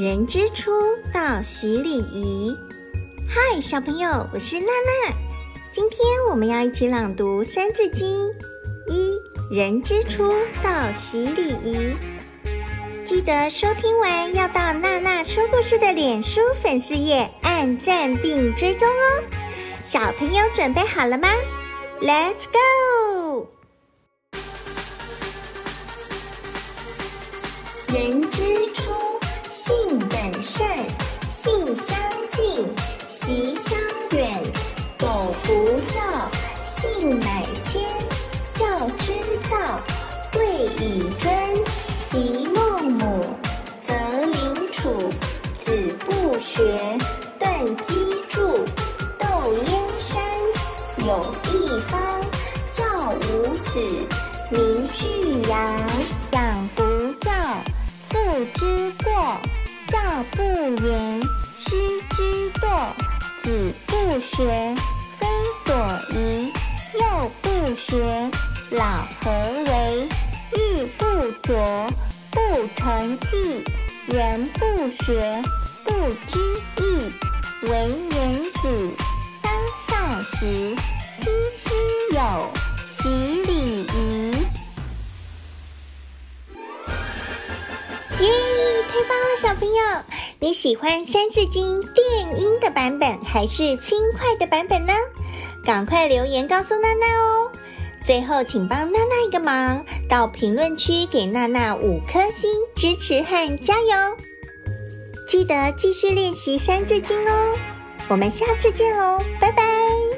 人之初，到習禮儀。嗨，小朋友，我是娜娜。今天我們要一起朗讀《三字經》一，一人之初，到習禮儀。記得收聽完要到娜娜說故事的臉書粉絲頁按讚並追蹤哦。小朋友準備好了嗎？Let's go。人之初。相近習相遠，苟不教，性乃遷。教之道貴以專。昔孟母擇鄰處，子不學，斷機杼。竇燕山有義方，教五子，名俱揚。養不教，父之過；教不嚴。師之惰，子不學，非所宜。幼不學，老何為？玉不琢，不成器。人不學，不知義。為人子，方少時。太棒了，小朋友！你喜歡《三字經》電音的版本還是輕快的版本呢？趕快留言告訴娜娜哦！最後，請幫娜娜一個忙，到評論區給娜娜五顆星支持和加油！記得繼續練習《三字經》哦，我們下次見嘍，拜拜！